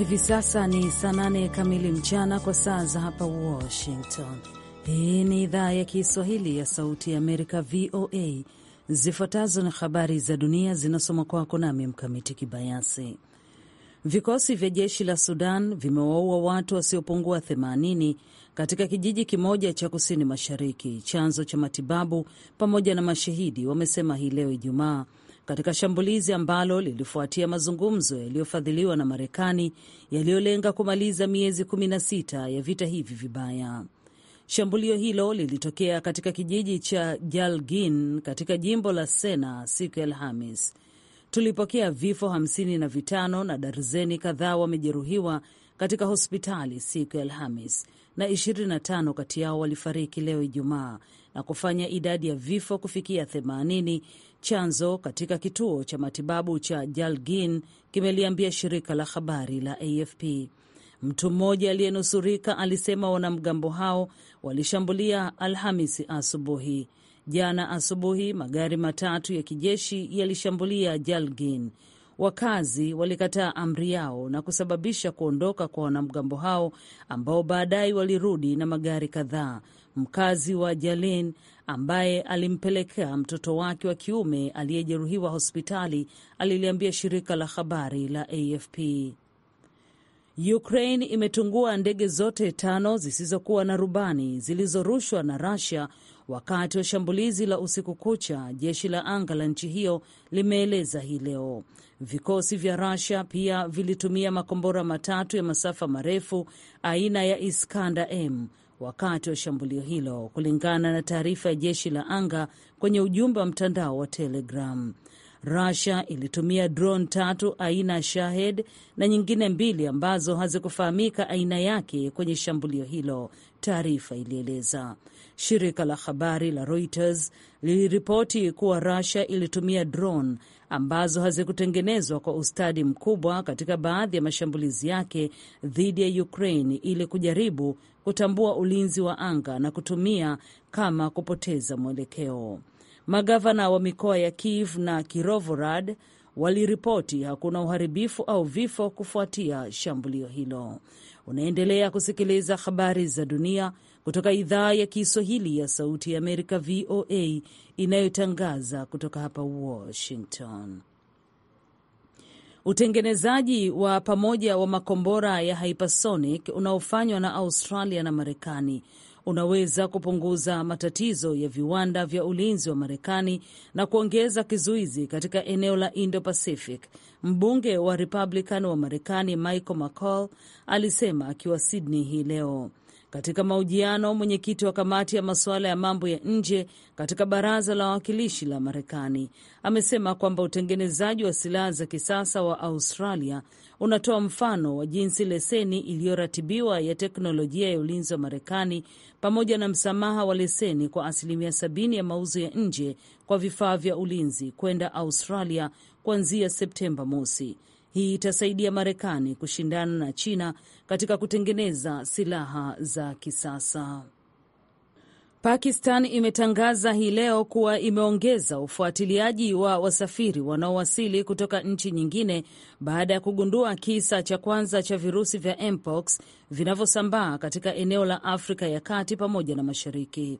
Hivi sasa ni saa nane kamili mchana kwa saa za hapa Washington. Hii ni idhaa ya Kiswahili ya Sauti ya Amerika, VOA. Zifuatazo na habari za dunia zinasoma kwako nami Mkamiti Kibayasi. Vikosi vya jeshi la Sudan vimewaua watu wasiopungua 80 katika kijiji kimoja cha kusini mashariki, chanzo cha matibabu pamoja na mashahidi wamesema hii leo Ijumaa, katika shambulizi ambalo lilifuatia mazungumzo yaliyofadhiliwa na Marekani yaliyolenga kumaliza miezi 16 ya vita hivi vibaya. Shambulio hilo lilitokea katika kijiji cha Jalgin katika jimbo la Sena siku ya Alhamis. Tulipokea vifo 55 na na darzeni kadhaa wamejeruhiwa katika hospitali siku ya Alhamis, na 25 kati yao walifariki leo Ijumaa na kufanya idadi ya vifo kufikia Chanzo katika kituo cha matibabu cha Jalgin kimeliambia shirika la habari la AFP. Mtu mmoja aliyenusurika alisema wanamgambo hao walishambulia Alhamisi asubuhi. Jana asubuhi, magari matatu ya kijeshi yalishambulia Jalgin. Wakazi walikataa amri yao na kusababisha kuondoka kwa wanamgambo hao ambao baadaye walirudi na magari kadhaa mkazi wa Jalin, ambaye alimpelekea mtoto wake wa kiume aliyejeruhiwa hospitali, aliliambia shirika la habari la AFP. Ukraine imetungua ndege zote tano zisizokuwa na rubani zilizorushwa na Russia wakati wa shambulizi la usiku kucha, jeshi la anga la nchi hiyo limeeleza hii leo. Vikosi vya Russia pia vilitumia makombora matatu ya masafa marefu aina ya Iskander M wakati wa shambulio hilo, kulingana na taarifa ya jeshi la anga kwenye ujumbe wa mtandao wa Telegram. Russia ilitumia drone tatu aina ya Shahed na nyingine mbili ambazo hazikufahamika aina yake kwenye shambulio hilo, taarifa ilieleza. Shirika la habari la Reuters liliripoti kuwa Russia ilitumia drone ambazo hazikutengenezwa kwa ustadi mkubwa katika baadhi ya mashambulizi yake dhidi ya Ukraine ili kujaribu kutambua ulinzi wa anga na kutumia kama kupoteza mwelekeo. Magavana wa mikoa ya Kiev na Kirovorad waliripoti hakuna uharibifu au vifo kufuatia shambulio hilo. Unaendelea kusikiliza habari za dunia kutoka idhaa ya Kiswahili ya Sauti ya Amerika, VOA, inayotangaza kutoka hapa Washington. Utengenezaji wa pamoja wa makombora ya hypersonic unaofanywa na Australia na Marekani unaweza kupunguza matatizo ya viwanda vya ulinzi wa Marekani na kuongeza kizuizi katika eneo la Indo-Pacific. Mbunge wa Republican wa Marekani Michael McCall alisema akiwa Sydney hii leo. Katika mahojiano, mwenyekiti wa kamati ya masuala ya mambo ya nje katika baraza la wawakilishi la Marekani amesema kwamba utengenezaji wa silaha za kisasa wa Australia unatoa mfano wa jinsi leseni iliyoratibiwa ya teknolojia ya ulinzi wa Marekani pamoja na msamaha wa leseni kwa asilimia sabini ya mauzo ya nje kwa vifaa vya ulinzi kwenda Australia kuanzia Septemba mosi hii itasaidia Marekani kushindana na China katika kutengeneza silaha za kisasa. Pakistan imetangaza hii leo kuwa imeongeza ufuatiliaji wa wasafiri wanaowasili kutoka nchi nyingine baada ya kugundua kisa cha kwanza cha virusi vya mpox vinavyosambaa katika eneo la Afrika ya Kati pamoja na Mashariki.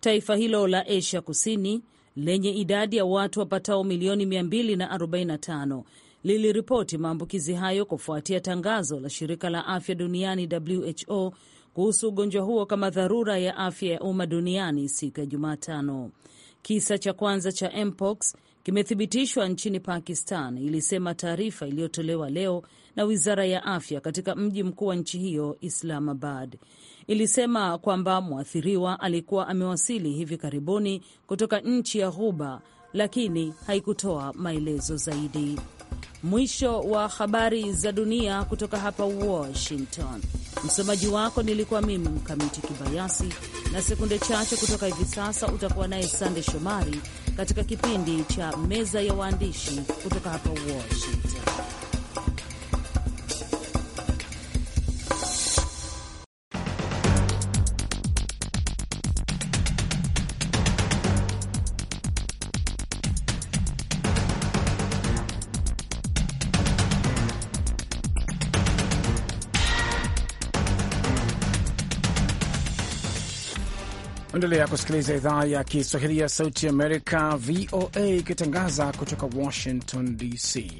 Taifa hilo la Asia Kusini lenye idadi ya watu wapatao milioni 245 liliripoti maambukizi hayo kufuatia tangazo la shirika la afya duniani WHO kuhusu ugonjwa huo kama dharura ya afya ya umma duniani siku ya Jumatano. Kisa cha kwanza cha mpox kimethibitishwa nchini Pakistan, ilisema taarifa iliyotolewa leo na wizara ya afya katika mji mkuu wa nchi hiyo Islamabad. Ilisema kwamba mwathiriwa alikuwa amewasili hivi karibuni kutoka nchi ya Ghuba, lakini haikutoa maelezo zaidi. Mwisho wa habari za dunia kutoka hapa Washington. Msomaji wako nilikuwa mimi Mkamiti Kibayasi, na sekunde chache kutoka hivi sasa utakuwa naye Sande Shomari katika kipindi cha Meza ya Waandishi kutoka hapa Washington. Unaendelea kusikiliza idhaa ya Kiswahili ya Sauti Amerika, VOA, ikitangaza kutoka Washington DC.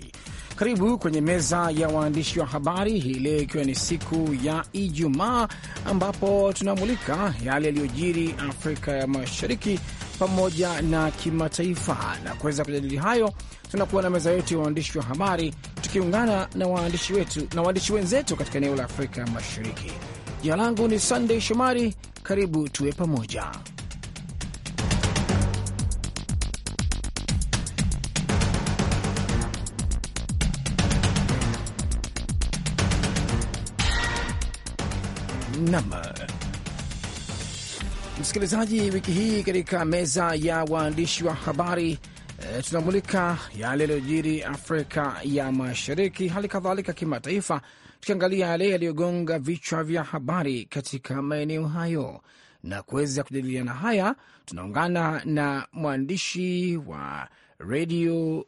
Karibu kwenye meza ya waandishi wa habari hii leo, ikiwa ni siku ya Ijumaa ambapo tunamulika yale yaliyojiri Afrika ya Mashariki pamoja na kimataifa. Na kuweza kujadili hayo, tunakuwa na meza yetu ya waandishi wa habari tukiungana na waandishi wetu na waandishi wenzetu katika eneo la Afrika ya Mashariki. Jina langu ni Sandey Shomari karibu tuwe pamoja. Nam msikilizaji, wiki hii katika meza ya waandishi wa habari e, tunamulika yale yaliyojiri Afrika ya Mashariki, hali kadhalika kimataifa tukiangalia yale yaliyogonga vichwa vya habari katika maeneo hayo na kuweza kujadiliana haya, tunaungana na mwandishi wa redio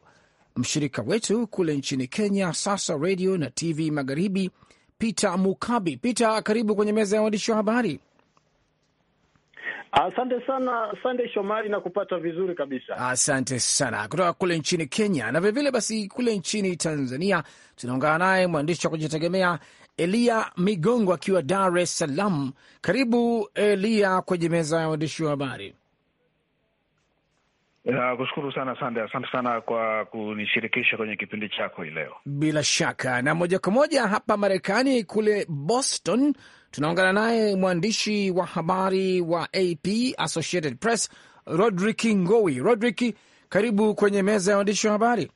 mshirika wetu kule nchini Kenya, Sasa Redio na TV Magharibi, Peter Mukabi. Peter, karibu kwenye meza ya waandishi wa habari. Asante sana, asante Shomari, na kupata vizuri kabisa. Asante sana kutoka kule nchini Kenya na vilevile basi kule nchini Tanzania tunaungana naye mwandishi wa kujitegemea Eliya Migongo akiwa Dar es Salaam. Karibu Eliya kwenye meza ya waandishi wa habari. Nakushukuru sana Sande, asante sana kwa kunishirikisha kwenye kipindi chako hii leo. Bila shaka, na moja kwa moja hapa Marekani, kule Boston Tunaungana naye mwandishi wa habari wa AP Associated Press, Rodrick Ngowi. Rodrick, karibu kwenye meza ya waandishi wa habari.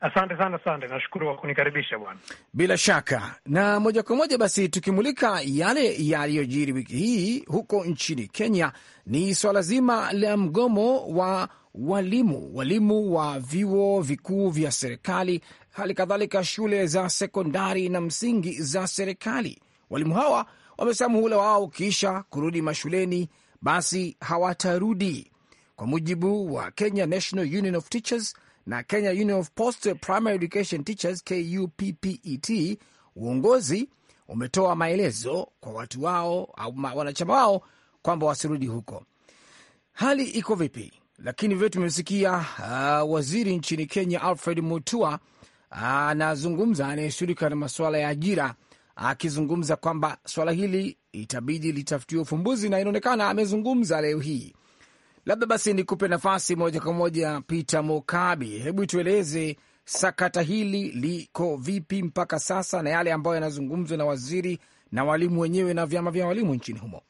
Asante sana. Asante, nashukuru kwa kunikaribisha bwana. Bila shaka, na moja kwa moja basi tukimulika yale yaliyojiri wiki hii huko nchini Kenya, ni swala zima la mgomo wa walimu, walimu wa vyuo vikuu vya serikali, hali kadhalika shule za sekondari na msingi za serikali. Walimu hawa wamesema muhula wao ukiisha kurudi mashuleni, basi hawatarudi. Kwa mujibu wa Kenya National Union of Teachers na Kenya Union of Post Primary Education Teachers KUPPET, uongozi umetoa maelezo kwa watu wao au wanachama wao kwamba wasirudi huko. Hali iko vipi? Lakini vile tumesikia uh, waziri nchini Kenya Alfred Mutua uh, anazungumza, uh, anayeshughulika na masuala ya ajira akizungumza kwamba swala hili itabidi litafutiwa ufumbuzi, na inaonekana amezungumza leo hii. Labda basi nikupe nafasi moja kwa moja, Peter Mokabi, hebu tueleze sakata hili liko vipi mpaka sasa na yale ambayo yanazungumzwa na waziri na walimu wenyewe na vyama vya walimu nchini humo.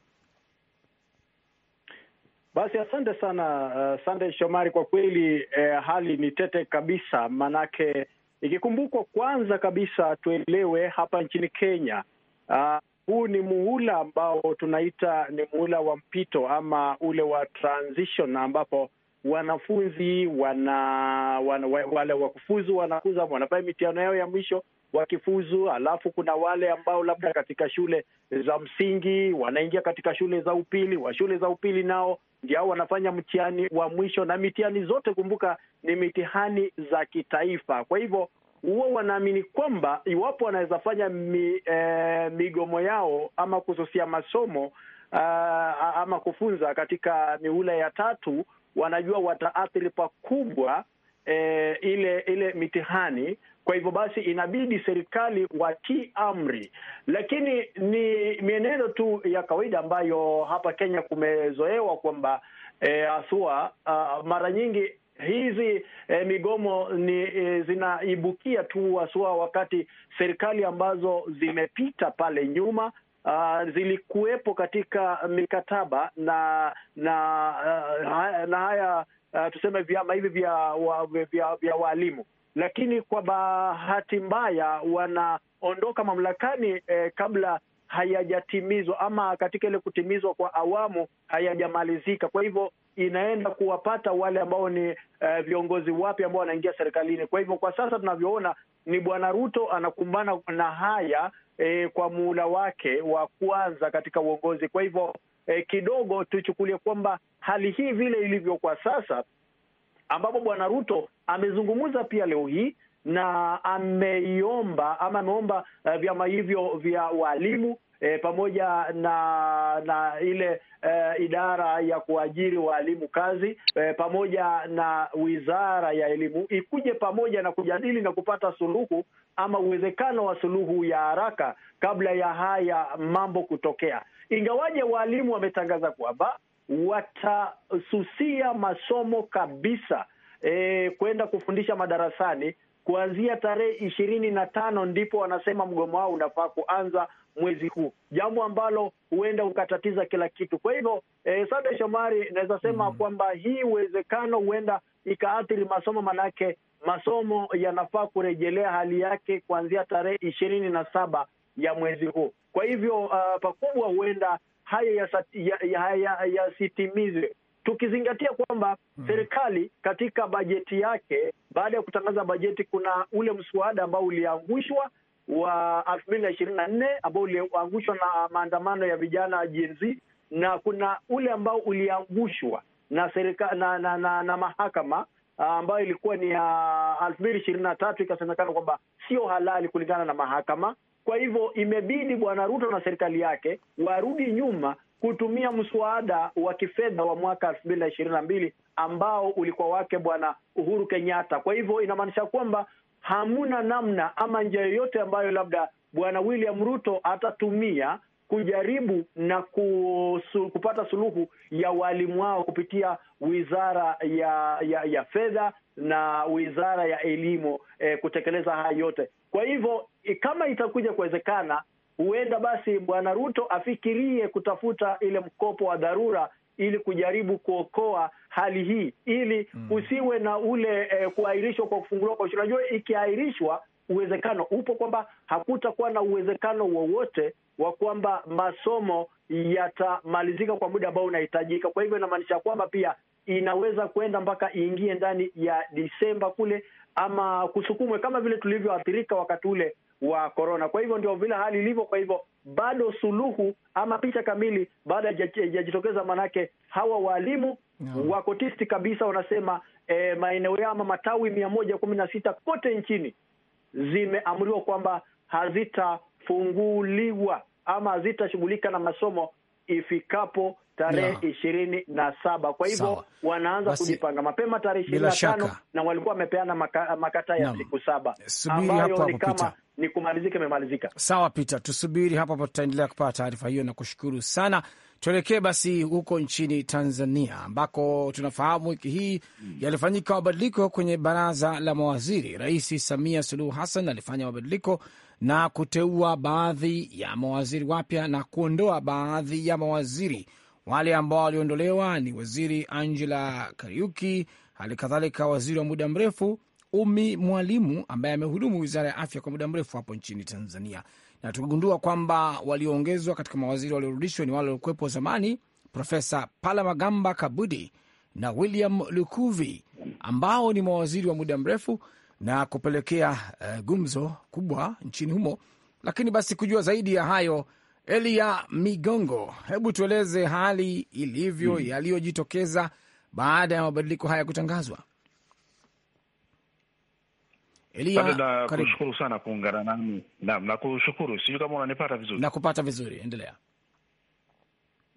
Basi asante sana uh, Sandey Shomari, kwa kweli eh, hali ni tete kabisa, maanake Ikikumbukwa kwanza kabisa tuelewe hapa nchini Kenya, uh, huu ni muhula ambao tunaita ni muhula wa mpito ama ule wa transition, ambapo wanafunzi wana, wana wale wakufuzu wanakuza wanafanya mitihano yao ya mwisho wakifuzu, alafu kuna wale ambao labda katika shule za msingi wanaingia katika shule za upili wa shule za upili nao ndio wanafanya mtihani wa mwisho, na mitihani zote kumbuka, ni mitihani za kitaifa. Kwa hivyo huwa wanaamini kwamba iwapo wanaweza fanya mi, eh, migomo yao ama kususia masomo uh, ama kufunza katika mihula ya tatu, wanajua wataathiri pakubwa e, ile ile mitihani. Kwa hivyo basi inabidi serikali watii amri, lakini ni mienendo tu ya kawaida ambayo hapa Kenya kumezoewa kwamba e, eh, asua a, ah, mara nyingi hizi e, migomo ni e, zinaibukia tu asua wakati serikali ambazo zimepita pale nyuma uh, zilikuwepo katika mikataba na na uh, na haya uh, tuseme vyama hivi vya, vya waalimu, lakini kwa bahati mbaya wanaondoka mamlakani eh, kabla hayajatimizwa ama katika ile kutimizwa kwa awamu hayajamalizika. Kwa hivyo inaenda kuwapata wale ambao ni eh, viongozi wapya ambao wanaingia serikalini. Kwa hivyo kwa sasa tunavyoona ni Bwana Ruto anakumbana na haya e, kwa muhula wake wa kwanza katika uongozi. Kwa hivyo e, kidogo tuchukulie kwamba hali hii vile ilivyo kwa sasa, ambapo bwana Ruto amezungumza pia leo hii na ameiomba ama ameomba uh, vyama hivyo vya walimu e, pamoja na na ile e, idara ya kuajiri waalimu kazi e, pamoja na wizara ya elimu ikuje pamoja na kujadili na kupata suluhu ama uwezekano wa suluhu ya haraka kabla ya haya mambo kutokea, ingawaje waalimu wametangaza kwamba watasusia masomo kabisa e, kwenda kufundisha madarasani kuanzia tarehe ishirini na tano ndipo wanasema mgomo wao unafaa kuanza mwezi huu, jambo ambalo huenda ukatatiza kila kitu. Kwa hivyo e, eh, Sande Shomari, naweza sema mm kwamba hii uwezekano huenda ikaathiri masomo, manake masomo yanafaa kurejelea hali yake kuanzia tarehe ishirini na saba ya mwezi huu. Kwa hivyo uh, pakubwa huenda haya yasitimizwe ya, ya, ya tukizingatia kwamba mm serikali katika bajeti yake baada ya kutangaza bajeti kuna ule mswada ambao uliangushwa wa elfu mbili na ishirini na nne ambao uliangushwa na maandamano ya vijana wa Z na kuna ule ambao uliangushwa na serika, na, na, na, na mahakama ah, ambayo ilikuwa ni ya elfu mbili ishirini na tatu ikasemekana kwamba sio halali kulingana na mahakama. Kwa hivyo imebidi Bwana Ruto na serikali yake warudi nyuma kutumia mswada wa kifedha wa mwaka elfu mbili na ishirini na mbili ambao ulikuwa wake Bwana Uhuru Kenyatta. Kwa hivyo inamaanisha kwamba hamuna namna ama njia yoyote ambayo labda bwana William Ruto atatumia kujaribu na kusu, kupata suluhu ya walimu wao kupitia wizara ya ya, ya fedha na wizara ya elimu eh, kutekeleza haya yote. Kwa hivyo eh, kama itakuja kuwezekana, huenda basi bwana Ruto afikirie kutafuta ile mkopo wa dharura ili kujaribu kuokoa hali hii, ili mm. kusiwe na ule eh, kuahirishwa kwa kufunguliwa kwa shule. Unajua, ikiahirishwa uwezekano upo kwamba hakutakuwa na uwezekano wowote wa kwamba masomo yatamalizika kwa muda ambao unahitajika. Kwa hivyo inamaanisha kwamba pia inaweza kwenda mpaka iingie ndani ya Disemba kule, ama kusukumwe kama vile tulivyoathirika wakati ule wa korona. Kwa hivyo ndio vile hali ilivyo. Kwa hivyo bado suluhu ama picha kamili baada haijajitokeza, manake hawa waalimu no. wako tisti kabisa, wanasema e, maeneo yao ama matawi mia moja kumi na sita kote nchini zimeamriwa kwamba hazitafunguliwa ama hazitashughulika na masomo ifikapo tarehe ishirini na saba. Kwa hivyo wanaanza Basi, kujipanga mapema tarehe ishirini na tano na walikuwa wamepeana maka, makata ya siku saba ambayo ni kama ni kumalizika imemalizika. Sawa Peter, tusubiri hapo hapo, tutaendelea kupata taarifa hiyo na kushukuru sana. Tuelekee basi huko nchini Tanzania ambako tunafahamu wiki hii hmm. yalifanyika mabadiliko kwenye baraza la mawaziri. Rais Samia Suluhu Hassan alifanya mabadiliko na kuteua baadhi ya mawaziri wapya na kuondoa baadhi ya mawaziri wale ambao waliondolewa ni waziri Angela Kariuki, hali kadhalika waziri wa muda mrefu Umi Mwalimu ambaye amehudumu wizara ya afya kwa muda mrefu hapo nchini Tanzania, na tukigundua kwamba walioongezwa katika mawaziri waliorudishwa ni wale waliokuwepo zamani, Profesa Palamagamba Kabudi na William Lukuvi, ambao ni mawaziri wa muda mrefu na kupelekea uh, gumzo kubwa nchini humo. Lakini basi kujua zaidi ya hayo Elia Migongo, hebu tueleze hali ilivyo hmm, yaliyojitokeza baada ya mabadiliko haya kutangazwa. Elia, kushukuru sana kuungana nami. Naam, nakushukuru. Sijui kama unanipata vizuri. Nakupata vizuri, endelea.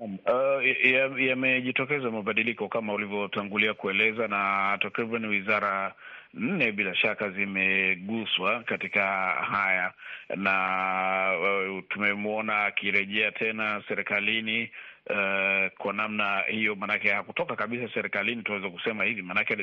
Uh, yamejitokeza ya mabadiliko kama ulivyotangulia kueleza, na takriban wizara nne bila shaka zimeguswa katika haya, na uh, tumemwona akirejea tena serikalini Eh, kwa namna hiyo, maanake hakutoka kabisa serikalini, tunaweza kusema hivi, maanake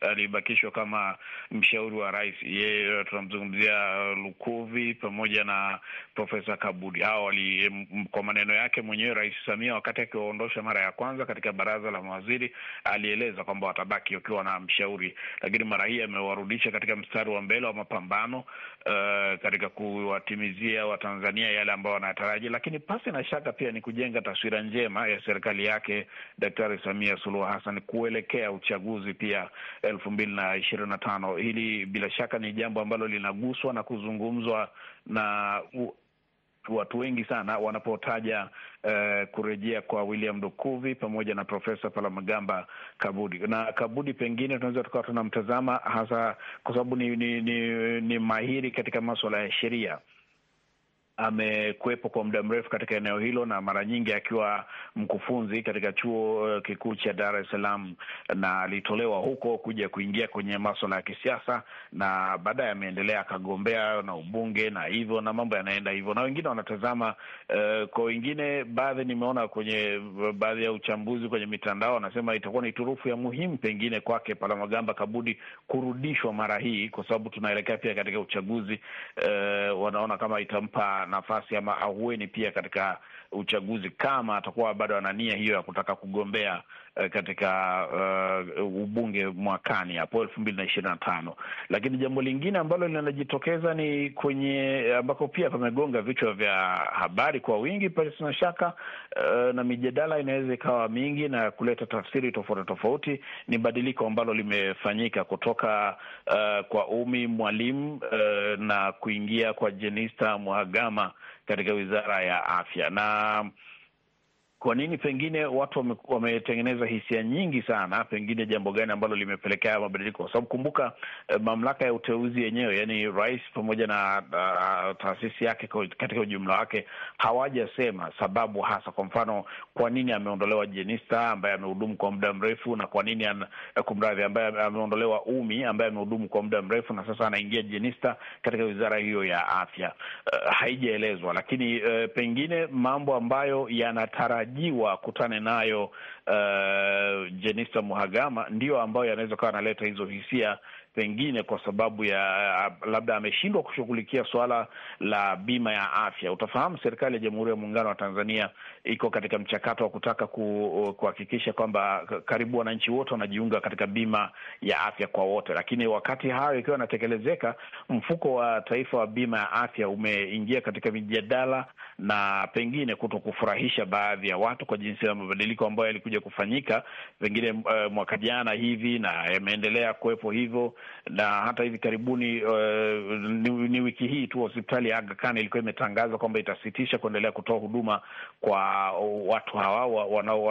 alibakishwa kama mshauri wa rais. Yeye tunamzungumzia uh, Lukuvi pamoja na Profesa Kabudi. Hao wali, kwa maneno yake mwenyewe Rais Samia wakati akiwaondosha mara ya kwanza katika baraza la mawaziri alieleza kwamba watabaki wakiwa na mshauri, lakini mara hii amewarudisha katika mstari wa mbele wa mapambano uh, katika kuwatimizia Watanzania yale ambayo wanayataraji, lakini pasi na shaka pia ni kujenga taswira njema njema ya serikali yake Daktari Samia Suluhu Hassan kuelekea uchaguzi pia elfu mbili na ishirini na tano. Hili bila shaka ni jambo ambalo linaguswa na kuzungumzwa na u watu wengi sana wanapotaja uh, kurejea kwa William Lukuvi pamoja na Profesa Palamagamba Kabudi. Na Kabudi pengine tunaweza tukawa tunamtazama hasa kwa sababu ni, ni, ni, ni mahiri katika maswala ya sheria amekuwepo kwa muda mrefu katika eneo hilo na mara nyingi akiwa mkufunzi katika chuo eh, kikuu cha Dar es Salaam, na alitolewa huko kuja kuingia kwenye maswala ya kisiasa, na baadaye ameendelea akagombea na ubunge na hivyo, na mambo yanaenda hivyo, na wengine wanatazama uh, kwa wengine, baadhi nimeona kwenye baadhi ya uchambuzi kwenye mitandao wanasema itakuwa ni turufu ya muhimu pengine kwake Palamagamba Kabudi kurudishwa mara hii, kwa sababu tunaelekea pia katika uchaguzi uh, wanaona kama itampa nafasi ama ahueni pia katika uchaguzi kama atakuwa bado ana nia hiyo ya kutaka kugombea eh, katika uh, ubunge mwakani hapo elfu mbili na ishirini na tano. Lakini jambo lingine ambalo linajitokeza ni kwenye eh, ambako pia pamegonga vichwa vya habari kwa wingi pasina shaka uh, na mijadala inaweza ikawa mingi na kuleta tafsiri tofauti tofauti, ni badiliko ambalo limefanyika kutoka uh, kwa Umi Mwalimu uh, na kuingia kwa Jenista Mhagama katika wizara ya afya na kwa nini pengine watu wametengeneza hisia nyingi sana? Pengine jambo gani ambalo limepelekea mabadiliko? Kwa sababu kumbuka, eh, mamlaka ya uteuzi yenyewe, yani rais pamoja na uh, taasisi yake katika ujumla wake hawajasema sababu hasa. Kwa mfano, kwa nini ameondolewa Jenista ambaye amehudumu kwa muda mrefu, na kwa nini kumradhi, ambaye ameondolewa Umi ambaye amehudumu kwa muda mrefu, na sasa anaingia Jenista katika wizara hiyo ya afya? Uh, haijaelezwa, lakini uh, pengine mambo ambayo yanataraji wanatarajiwa kutane nayo uh, uh, Jenista Mhagama ndiyo ambayo yanaweza kawa analeta hizo hisia, pengine kwa sababu ya uh, labda ameshindwa kushughulikia suala la bima ya afya. Utafahamu serikali ya Jamhuri ya Muungano wa Tanzania iko katika mchakato wa kutaka uh, kuhakikisha kwamba karibu wananchi wote wanajiunga katika bima ya afya kwa wote, lakini wakati hayo ikiwa anatekelezeka mfuko wa taifa wa bima ya afya umeingia katika mijadala na pengine kuto kufurahisha baadhi ya watu kwa jinsi ya mabadiliko ambayo yalikuja kufanyika pengine uh, eh, mwaka jana hivi, na yameendelea kuwepo hivyo, na hata hivi karibuni uh, ni, ni wiki hii tu hospitali ya Aga Khan ilikuwa imetangaza kwamba itasitisha kuendelea kutoa huduma kwa watu hawa wanaotibiwa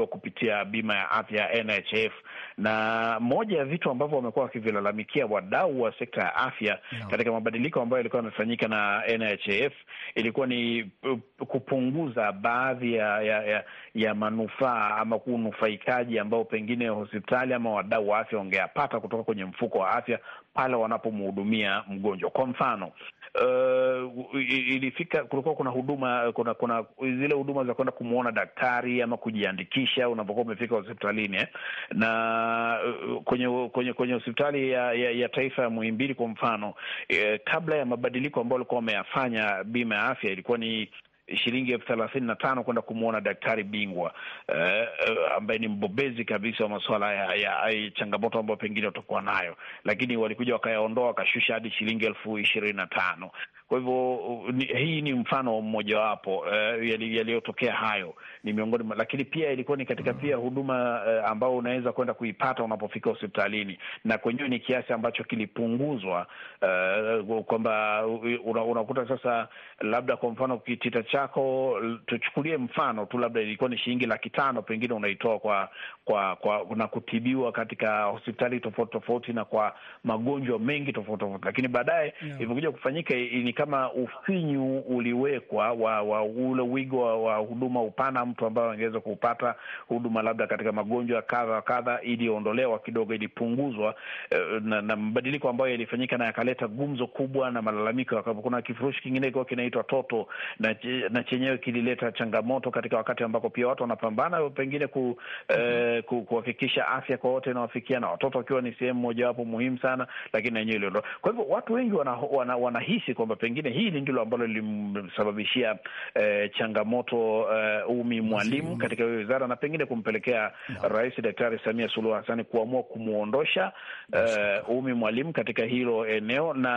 wanao kupitia bima ya afya ya NHF, na moja ya vitu ambavyo wamekuwa wakivilalamikia wadau wa sekta ya afya no. katika mabadiliko ambayo yalikuwa yanafanyika na NHF ilikuwa ni eh, kupunguza baadhi ya, ya, ya, ya manufaa ama kunufaika mtaji ambao pengine hospitali ama wadau wa afya wangeyapata kutoka kwenye mfuko wa afya pale wanapomhudumia mgonjwa. Kwa mfano uh, ilifika kulikuwa kuna huduma kuna kuna zile huduma za kwenda kumwona daktari ama kujiandikisha unapokuwa umefika hospitalini eh, na uh, kwenye kwenye kwenye hospitali ya, ya, ya taifa ya Muhimbili kwa mfano eh, kabla ya mabadiliko ambayo walikuwa wameyafanya bima ya afya ilikuwa ni shilingi elfu thelathini na tano kwenda kumwona daktari bingwa uh, ambaye ni mbobezi kabisa wa masuala ya, ya, ya changamoto ambayo pengine watakuwa nayo, lakini walikuja wakayaondoa wakashusha hadi shilingi elfu ishirini na tano. Kwa hivyo hii ni mfano mmojawapo uh, yaliyotokea yali hayo ni miongoni, lakini pia ilikuwa ni katika pia huduma uh, ambao unaweza kwenda kuipata unapofika hospitalini, na kwenyewe ni kiasi ambacho kilipunguzwa uh, kwamba unakuta una sasa, labda kwa mfano kitita chako, tuchukulie mfano tu, labda ilikuwa ni shilingi laki tano, pengine unaitoa kwa kwa kwa na kutibiwa katika hospitali tofauti tofauti na kwa magonjwa mengi tofauti tofauti, lakini baadaye yeah, ilivyokuja kufanyika ni kama ufinyu uliwekwa wa, wa ule wigo wa, wa huduma upana mtu ambaye angeweza kupata huduma labda katika magonjwa kadha wa kadha, iliyoondolewa kidogo, ilipunguzwa eh, na, na mabadiliko ambayo yalifanyika na yakaleta gumzo kubwa na malalamiko. Kuna kifurushi kingine kiwa kinaitwa Toto na, na chenyewe kilileta changamoto katika wakati ambapo pia watu wanapambana pengine ku, eh, kuhakikisha afya kwa wote inawafikia na watoto wakiwa ni sehemu mojawapo muhimu sana, lakini na yenyewe iliondolewa. Kwa hivyo watu wengi wanahisi wana, wana kwamba pengine hili ndilo ambalo lilimsababishia eh, changamoto eh, Umi Mwalimu katika hiyo wizara na pengine kumpelekea no. Rais Daktari Samia Suluhu Hasani kuamua kumwondosha eh, Umi Mwalimu katika hilo eneo, na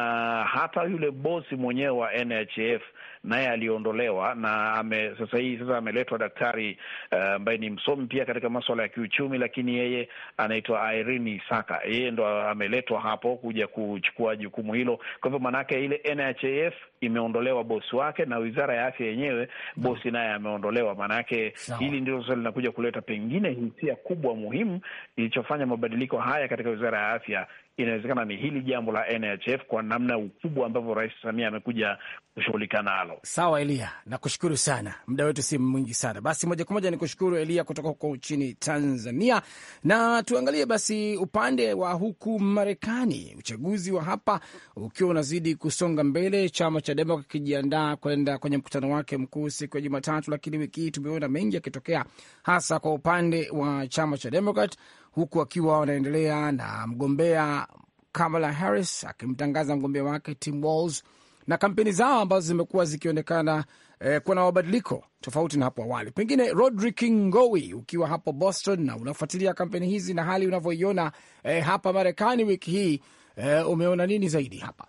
hata yule bosi mwenyewe wa NHF naye aliondolewa na ame, sasa hii sasa ameletwa daktari eh, ambaye uh, ni msomi pia katika maswala ya kiuchumi, lakini yeye anaitwa Irene Saka, yeye ndo ameletwa hapo kuja kuchukua jukumu hilo. Kwa hivyo maanake ile NHF NHIF imeondolewa bosi wake na wizara ya afya yenyewe bosi naye ameondolewa. yake hili ndilo sasa linakuja kuleta pengine hisia kubwa muhimu ilichofanya mabadiliko haya katika wizara ya afya inawezekana ni hili jambo la NHF kwa namna ukubwa ambavyo Rais Samia amekuja kushughulika nalo. Sawa Elia, nakushukuru sana, muda wetu si mwingi sana. Basi moja kwa moja ni kushukuru Elia kutoka huko nchini Tanzania, na tuangalie basi upande wa huku Marekani, uchaguzi wa hapa ukiwa unazidi kusonga mbele, chama cha Demokrat kikijiandaa kwenda kwenye mkutano wake mkuu siku ya Jumatatu, lakini wiki hii tumeona mengi yakitokea, hasa kwa upande wa chama cha Demokrat huku akiwa wanaendelea na mgombea Kamala Harris akimtangaza mgombea wake Tim Walz na kampeni zao ambazo zimekuwa zikionekana eh, kuwa na mabadiliko tofauti na hapo awali. Pengine Rodrick Ngowi, ukiwa hapo Boston na unafuatilia kampeni hizi na hali unavyoiona eh, hapa Marekani wiki hii eh, umeona nini zaidi hapa?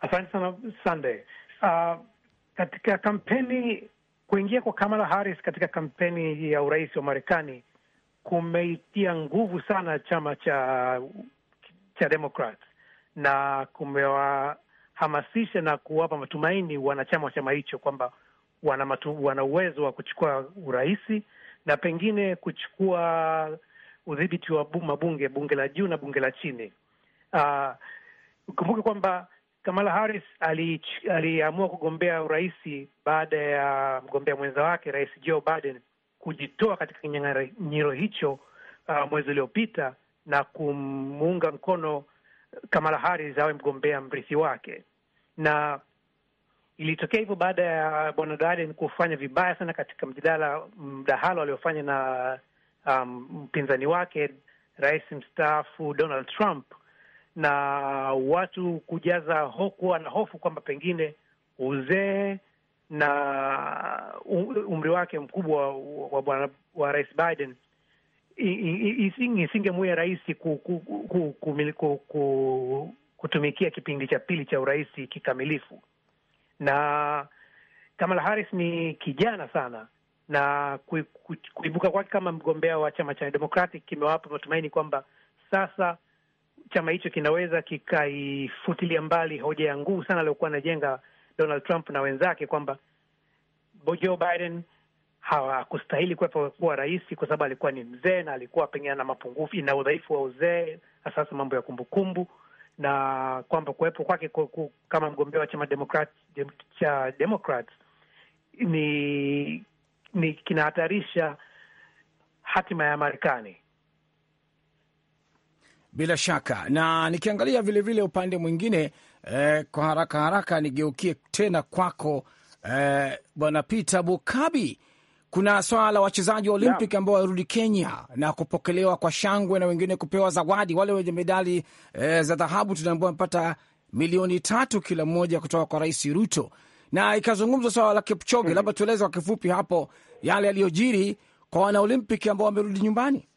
Asante sana Sunday. Uh, katika kampeni kuingia kwa Kamala Harris katika kampeni ya urais wa Marekani kumeitia nguvu sana chama cha cha Democrat na kumewahamasisha na kuwapa matumaini wanachama wa chama hicho kwamba wana matu, wana uwezo wa kuchukua urais na pengine kuchukua udhibiti wa mabunge, bunge la juu na bunge la chini. Uh, ah, ukumbuke kwamba Kamala Harris aliamua ali kugombea urais baada ya mgombea mwenza wake Rais Joe Biden kujitoa katika kinyang'anyiro hicho uh, mwezi uliopita na kumuunga mkono Kamala Harris awe mgombea mrithi wake, na ilitokea hivyo baada ya bwana Biden kufanya vibaya sana katika mjadala mdahalo aliofanya na um, mpinzani um, wake rais mstaafu Donald Trump, na watu kujaza hokuwa kuwa na hofu kwamba pengine uzee na umri wake mkubwa wa bwana wa rais Biden isingemuya rahisi kutumikia kipindi cha pili cha urais kikamilifu. Na Kamala Harris ni kijana sana, na kuibuka kwake kama mgombea wa chama cha Democratic kimewapa matumaini kwamba sasa chama hicho kinaweza kikaifutilia mbali hoja ya nguvu sana aliyokuwa anajenga Donald Trump na wenzake kwamba Joe Biden hawakustahili kuwepo kuwa rais kwa sababu alikuwa ni mzee na alikuwa pengine na mapungufu na udhaifu wa uzee, hasahasa mambo ya kumbukumbu kumbu, na kwamba kuwepo kwake kama mgombea wa chama Democrat, cha Democrats ni, ni kinahatarisha hatima ya Marekani bila shaka. Na nikiangalia vilevile vile upande mwingine eh, kwa haraka haraka nigeukie tena kwako eh, Bwana Peter Bukabi, kuna swala la wachezaji wa Olympic ambao warudi Kenya na kupokelewa kwa shangwe na wengine kupewa zawadi. Wale wenye medali eh, za dhahabu tunaambiwa wamepata milioni tatu kila mmoja kutoka kwa Rais Ruto na ikazungumzwa swala la Kipchoge. Hmm. Labda tueleze kwa kifupi hapo yale yaliyojiri kwa wana ambao wamerudi nyumbani.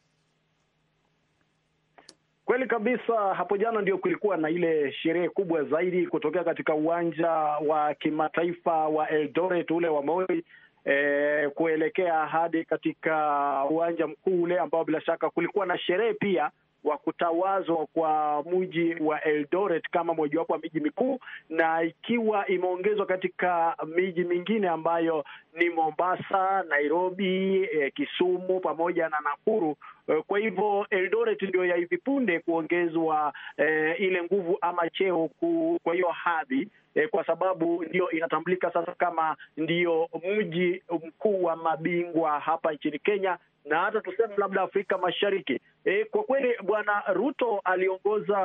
Kweli kabisa, hapo jana ndio kulikuwa na ile sherehe kubwa zaidi kutokea katika uwanja wa kimataifa wa Eldoret ule wa Moi e, kuelekea hadi katika uwanja mkuu ule ambao bila shaka kulikuwa na sherehe pia wa kutawazwa kwa mji wa Eldoret kama mojawapo wa miji mikuu na ikiwa imeongezwa katika miji mingine ambayo ni Mombasa, Nairobi, eh, Kisumu pamoja na Nakuru Eh, kwa hivyo Eldoret ndio ya hivi punde kuongezwa eh, ile nguvu ama cheo ku, kwa hiyo hadhi eh, kwa sababu ndio inatambulika sasa kama ndio mji mkuu wa mabingwa hapa nchini Kenya na hata tuseme labda Afrika Mashariki. E, kwa kweli Bwana Ruto aliongoza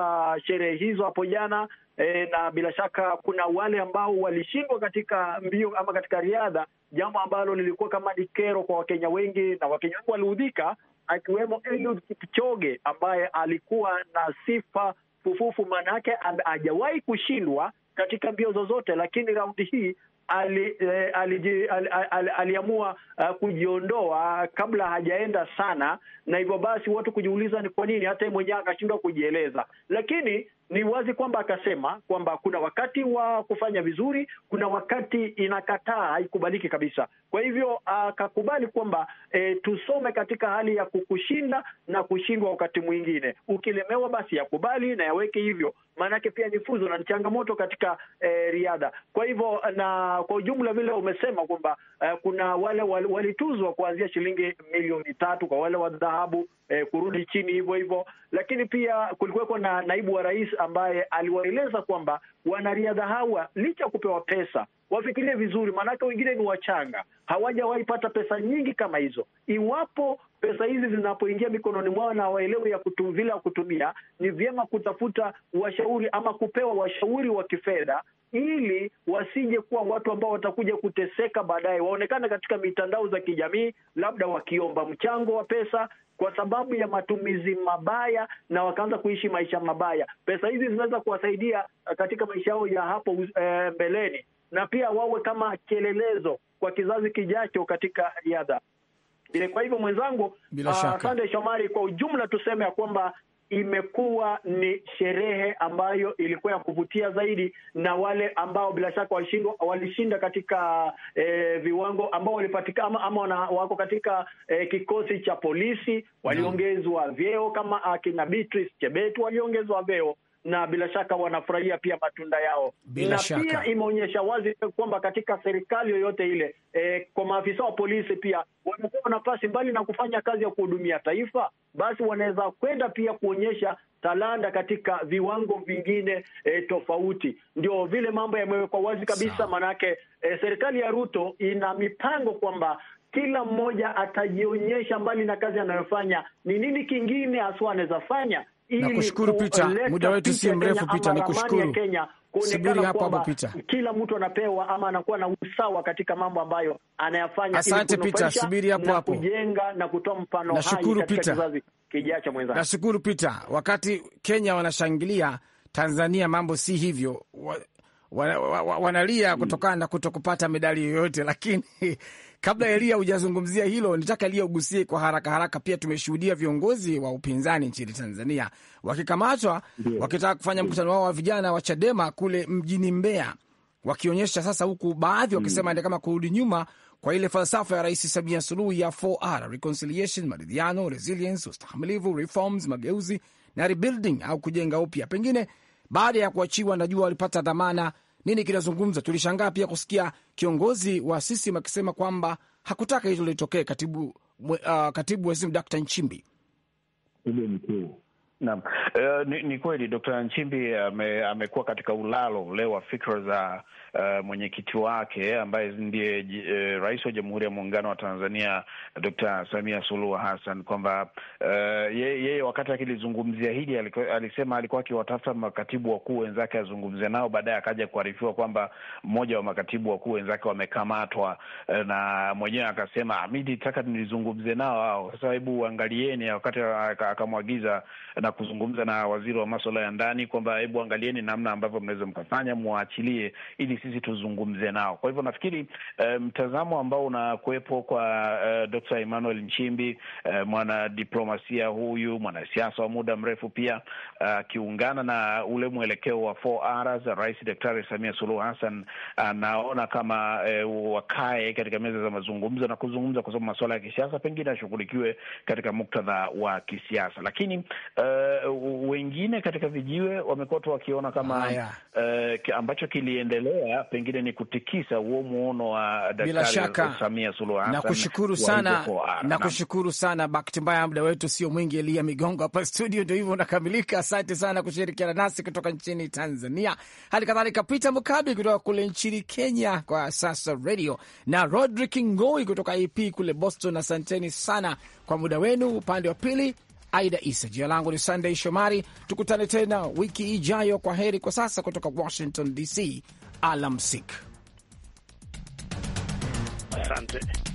sherehe hizo hapo jana e, na bila shaka kuna wale ambao walishindwa katika mbio ama katika riadha, jambo ambalo lilikuwa kama ni kero kwa Wakenya wengi na Wakenya wengi waliudhika akiwemo Eliud Kipchoge ambaye alikuwa na sifa fufufu, maana yake hajawahi kushindwa katika mbio zozote, lakini raundi hii ali, eh, aliji, al, al, al, aliamua uh, kujiondoa kabla hajaenda sana, na hivyo basi watu kujiuliza ni kwa nini hata yeye mwenyewe akashindwa kujieleza. Lakini ni wazi kwamba akasema kwamba kuna wakati wa kufanya vizuri, kuna wakati inakataa, haikubaliki kabisa. Kwa hivyo akakubali kwamba e, tusome katika hali ya kukushinda na kushindwa wakati mwingine. Ukilemewa basi yakubali na yaweke hivyo, maanake pia ni funzo na ni changamoto katika e, riadha. Kwa hivyo na kwa ujumla, vile umesema kwamba e, kuna wale walituzwa kuanzia shilingi milioni tatu kwa wale wa dhahabu eh, kurudi chini hivyo hivyo. Lakini pia kulikuweko na naibu wa rais ambaye aliwaeleza kwamba wanariadha hawa licha ya kupewa pesa wafikirie vizuri, maanake wengine ni wachanga, hawajawahi pata pesa nyingi kama hizo. Iwapo pesa hizi zinapoingia mikononi mwao na waelewe ya kutu, vile ya kutumia, ni vyema kutafuta washauri ama kupewa washauri wa kifedha ili wasije kuwa watu ambao watakuja kuteseka baadaye, waonekane katika mitandao za kijamii labda wakiomba mchango wa pesa kwa sababu ya matumizi mabaya na wakaanza kuishi maisha mabaya. Pesa hizi zinaweza kuwasaidia eh, katika maisha yao ya hapo eh, mbeleni, eh, na pia wawe kama kielelezo kwa kizazi kijacho katika riadha. Kwa hivyo mwenzangu, ah, asante uh, Shomari, kwa ujumla tuseme ya kwamba imekuwa ni sherehe ambayo ilikuwa ya kuvutia zaidi, na wale ambao bila shaka walishindwa walishinda katika e, viwango ambao walipatikana ama, ama wana, wako katika e, kikosi cha polisi waliongezwa vyeo kama akina Beatrice Chebet waliongezwa vyeo na bila shaka wanafurahia pia matunda yao bila na shaka. Pia imeonyesha wazi kwamba katika serikali yoyote ile e, kwa maafisa wa polisi pia wanapewa nafasi, mbali na kufanya kazi ya kuhudumia taifa, basi wanaweza kwenda pia kuonyesha talanta katika viwango vingine e, tofauti. Ndio vile mambo yamewekwa wazi kabisa, maanake e, eh, serikali ya Ruto ina mipango kwamba kila mmoja atajionyesha, mbali na kazi anayofanya, ni nini kingine haswa anaweza fanya na kushukuru Pita, muda wetu si mrefu Pita, nikushukuru. Subiri hapo hapo Pita, kila mtu anapewa ama anakuwa na usawa katika mambo ambayo anayafanya. Asante Pita, subiri hapo hapo, kujenga na kutoa mfano hai katika kizazi kijacho. Mwenzangu, nashukuru Pita. Wakati Kenya wanashangilia, Tanzania mambo si hivyo, wa, wa, wa, wa, wanalia kutokana na kutokupata medali yoyote, lakini Kabla Elia hujazungumzia hilo, nitaka Elia ugusie kwa haraka haraka. Pia tumeshuhudia viongozi wa upinzani nchini Tanzania wakikamatwa wakitaka kufanya mkutano wao wa vijana wa Chadema kule mjini Mbeya, wakionyesha sasa, huku baadhi wakisema hmm. ni kama kurudi nyuma kwa ile falsafa ya Rais Samia Suluhu ya 4R, reconciliation, maridhiano, resilience, ustahamilivu, reforms, mageuzi na rebuilding au kujenga upya. Pengine baada ya kuachiwa, najua walipata dhamana nini kinazungumza. Tulishangaa pia kusikia kiongozi wa CCM akisema kwamba hakutaka hilo litokee, katibu, uh, katibu wa CCM Dkt. Nchimbi. Mkuu Naam, uh, ni, ni kweli Dr. Nchimbi ame, amekuwa katika ulalo leo wa fikra za uh, mwenyekiti wake ambaye ndiye uh, rais wa Jamhuri ya Muungano wa Tanzania Dr. Samia Suluhu Hassan kwamba uh, yeye wakati akilizungumzia hili alisema alikuwa akiwatafuta makatibu wakuu wenzake azungumze nao, baadaye akaja kuarifiwa kwamba mmoja wa makatibu wakuu wenzake wamekamatwa, na mwenyewe akasema amidi ah, taka nilizungumze nao hao. Sasa hebu angalieni, wakati akamwagiza na kuzungumza na waziri wa maswala ya ndani kwamba hebu angalieni namna ambavyo mnaweza mkafanya, mwaachilie ili sisi tuzungumze nao. Kwa hivyo nafikiri eh, mtazamo um, ambao unakuwepo kwa uh, eh, Dr. Emmanuel Nchimbi uh, mwanadiplomasia huyu mwanasiasa wa muda mrefu pia akiungana uh, na ule mwelekeo wa 4R Rais Daktari Samia Suluhu Hassan anaona uh, kama uh, wakae katika meza za mazungumzo na kuzungumza, kwa sababu masuala ya kisiasa pengine ashughulikiwe katika muktadha wa kisiasa, lakini uh, uh, wengine katika vijiwe wamekuwa tu wakiona kama uh, ambacho kiliendelea pengine ni kutikisa huo muono wa Daktari Samia Suluhu Hassan. Nakushukuru sana, nakushuru sana. Bahati mbaya muda wetu sio mwingi. Elia Migongo hapa studio ndio hivyo unakamilika. Asante sana kushirikiana nasi kutoka nchini Tanzania, hali kadhalika Peter Mukabi kutoka kule nchini Kenya kwa sasa radio na Rodrick Ngoi kutoka EP kule Boston. Asanteni sana kwa muda wenu. Upande wa pili Aida Isa. Jina langu ni sandey Shomari, tukutane tena wiki ijayo. Kwa heri kwa sasa kutoka Washington DC, alamsik. Asante.